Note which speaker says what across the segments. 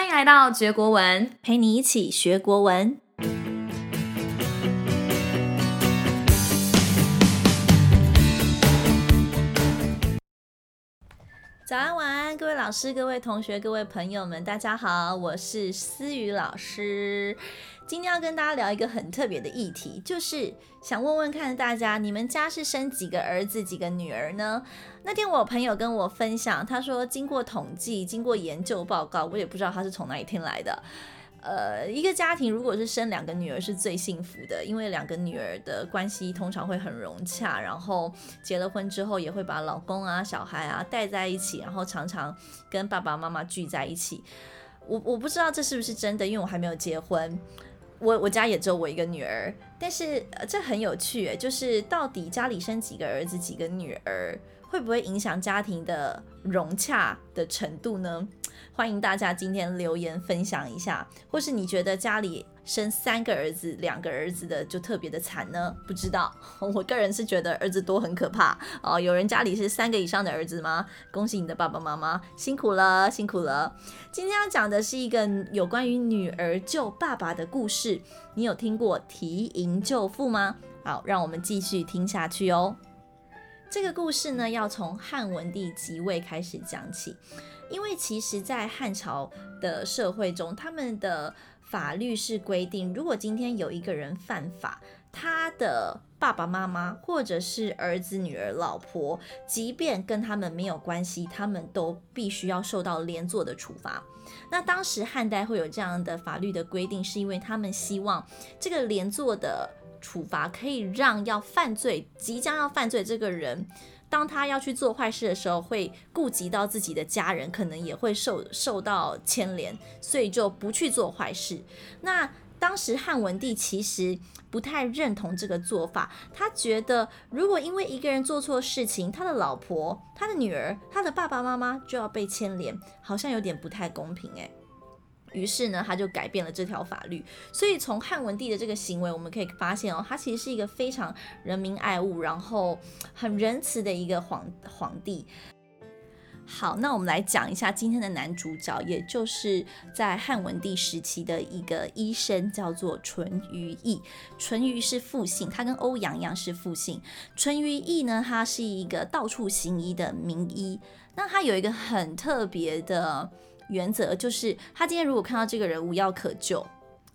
Speaker 1: 歡迎來到絕國文，陪你一起學國文。早安，晚安，各位老師，各位同學，各位朋友們，大家好，我是思雨老師。今天要跟大家聊一個很特別的議題，就是想問問看大家，你們家是生幾個兒子、幾個女兒呢？那天我朋友跟我分享，他說經過統計，經過研究報告，我也不知道他是從哪一天來的。呃，一個家庭如果是生兩個女兒是最幸福的，因為兩個女兒的關係通常會很融洽，然後結了婚之後也會把老公啊、小孩啊帶在一起，然後常常跟爸爸媽媽聚在一起。我我不知道這是不是真的，因為我還沒有結婚，我我家也只有我一個女兒，但是，呃，這很有趣耶，就是到底家裡生幾個兒子，幾個女兒？會不會影響家庭的融洽的程度呢？歡迎大家今天留言分享一下，或是你覺得家裡生三個兒子、兩個兒子的就特別的慘呢？不知道，我個人是覺得兒子多很可怕哦。有人家裡是三個以上的兒子嗎？恭喜你的爸爸媽媽，辛苦了，辛苦了。今天要講的是一個有關於女兒救爸爸的故事，你有聽過緹縈救父嗎？好，讓我們繼續聽下去哦。這個故事呢，要從漢文帝即位開始講起，因為其實在漢朝的社會中，他們的法律是規定，如果今天有一個人犯法，他的爸爸媽媽或者是兒子、女兒、老婆，即便跟他們沒有關係，他們都必須要受到連坐的處罰。那當時漢代會有這樣的法律的規定，是因為他們希望這個連坐的。處罰可以讓要犯罪、即將要犯罪這個人，當他要去做壞事的時候，會顧及到自己的家人，可能也會受受到牽連，所以就不去做壞事。那當時漢文帝其實不太認同這個做法，他覺得如果因為一個人做錯事情，他的老婆、他的女兒、他的爸爸媽媽就要被牽連，好像有點不太公平欸。於是呢，他就改變了這條法律。所以從漢文帝的這個行為，我們可以發現哦，他其實是一個非常仁民愛物，然後很仁慈的一個皇皇帝。好，那我們來講一下今天的男主角，也就是在漢文帝時期的一個醫生，叫做淳於意。淳於是複姓，他跟歐陽一樣是複姓。淳於意呢，他是一個到處行醫的名醫。那他有一個很特別的。原則就是，他今天如果看到這個人無藥可救，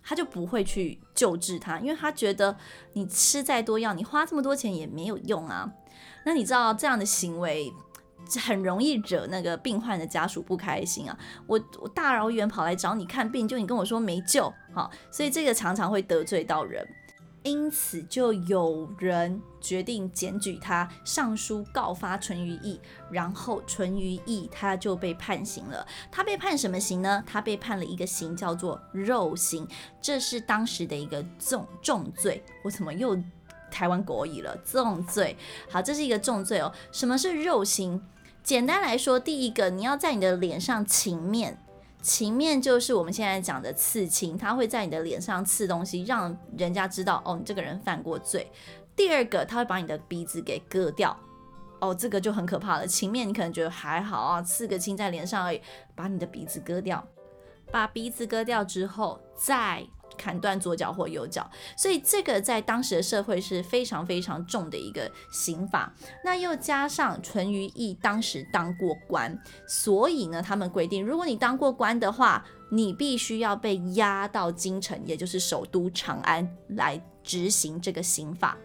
Speaker 1: 他就不會去救治他，因為他覺得你吃再多藥，你花這麼多錢也沒有用啊。那你知道這樣的行為很容易惹那個病患的家屬不開心啊。我我大老遠跑來找你看病，就你跟我說沒救，好，所以這個常常會得罪到人。因此，就有人決定檢舉他，上書告發淳於意，然後淳於意他就被判刑了。他被判什麼刑呢？他被判了一個刑，叫做肉刑，這是當時的一個重重罪。我怎麼又台灣國語了？重罪，好，這是一個重罪喔。什麼是肉刑？簡單來說，第一個你要在你的臉上黥面。黥面就是我們現在講的刺青，它會在你的臉上刺東西，讓人家知道哦，你這個人犯過罪。第二個，它會把你的鼻子給割掉，哦，這個就很可怕了。黥面你可能覺得還好啊，刺個青在臉上而已，把你的鼻子割掉，把鼻子割掉之後再。砍斷左腳或右腳，所以這個在當時的社會是非常非常重的一個刑法。那又加上淳於意當時當過官，所以呢，他們規定，如果你當過官的話，你必須要被押到京城，也就是首都長安來執行這個刑法。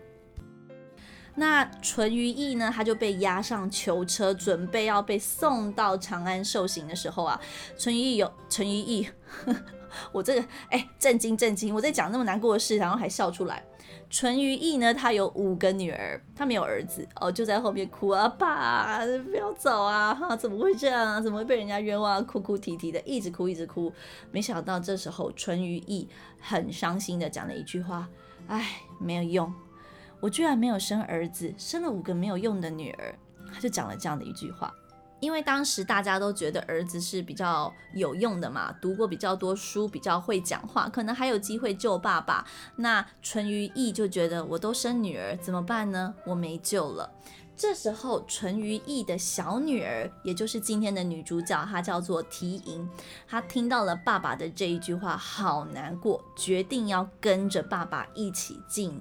Speaker 1: 那淳於意呢，他就被押上囚車，準備要被送到長安受刑的時候啊，淳於意有，淳於意。 我這個哎，震驚震驚！我在講那麼難過的事，然後還笑出來。淳於意呢，他有五個女兒，他沒有兒子哦，就在後面哭啊，爸，不要走啊，哈、啊，怎麼會這樣啊？怎麼會被人家冤枉啊？哭哭啼啼啼的，一直哭，一直哭。沒想到這時候，淳於意很傷心的講了一句話，哎，沒有用，我居然沒有生兒子，生了五個沒有用的女兒，他就講了這樣的一句話。因為當時大家都覺得兒子是比較有用的嘛，讀過比較多書，比較會講話，可能還有機會救爸爸。那淳於意就覺得我都生女兒怎麼辦呢？我沒救了。這時候淳於意的小女兒，也就是今天的女主角，她叫做緹縈。她聽到了爸爸的這一句話，好難過，決定要跟着爸爸一起進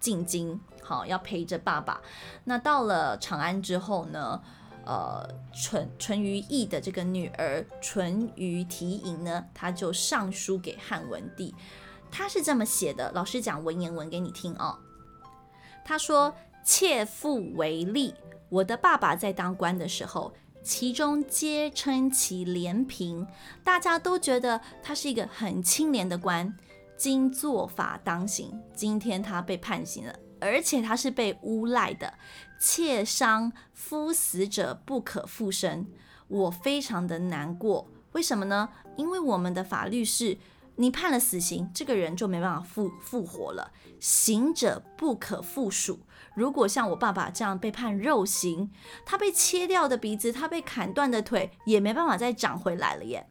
Speaker 1: 進京，好要陪着爸爸。那到了長安之後呢？呃，淳淳於意的這個女兒淳於緹縈呢，她就上書給漢文帝，她是這麼寫的。老師講文言文給你聽哦，他說：“妾父為吏，我的爸爸在當官的時候，其中皆稱其廉平，大家都覺得他是一個很清廉的官。今坐法當刑，今天他被判刑了。”而且他是被誣賴的，妾傷夫死者不可復生，我非常的難過。為什麼呢？因為我們的法律是，你判了死刑，這個人就沒辦法復復活了，刑者不可復屬。如果像我爸爸這樣被判肉刑，他被切掉的鼻子，他被砍斷的腿，也沒辦法再長回來了耶。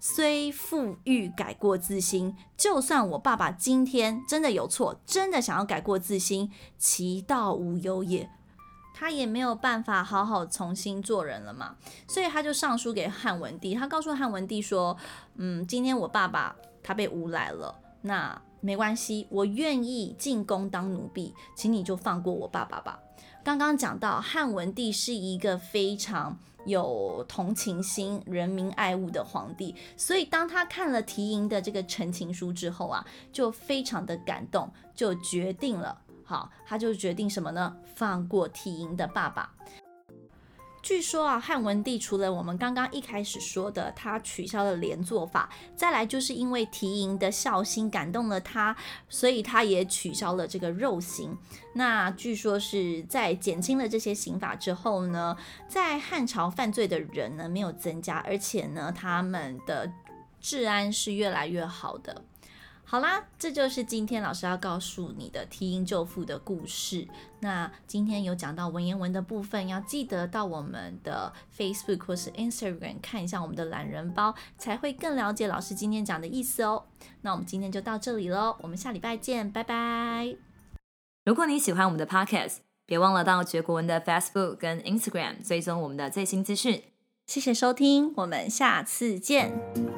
Speaker 1: 雖復欲改過自新。就算我爸爸今天真的有錯，真的想要改過自新，其道無由也。他也沒有辦法好好重新做人了嘛。所以他就上書給漢文帝，他告訴漢文帝說：“嗯，今天我爸爸他被誣賴了，那沒關係，我願意進宮當奴婢，請你就放過我爸爸吧。”剛剛講到漢文帝是一個非常有同情心、仁民愛物的皇帝，所以當他看了緹縈的這個陳情書之後啊，就非常的感動，就決定了，好，他就決定什麼呢？放過緹縈的爸爸。據說啊，漢文帝除了我們剛剛一開始說的，他取消了連坐法，再來就是因為緹縈的孝心感動了他，所以他也取消了這個肉刑。那據說是在減輕了這些刑法之後呢，在漢朝犯罪的人呢沒有增加，而且呢他們的治安是越來越好的。好啦，這就是今天老師要告訴你的“緹縈救父”的故事。那今天有講到文言文的部分，要記得到我們的 Facebook 或是 Instagram 看一下我們的懶人包，才會更了解老師今天講的意思哦。那我們今天就到這裡嘍，我們下禮拜見，拜拜！如果你喜歡我們的 Podcast，別忘了到覺國文的 Facebook 跟 Instagram 追蹤我們的最新資訊。謝謝收聽，我們下次見。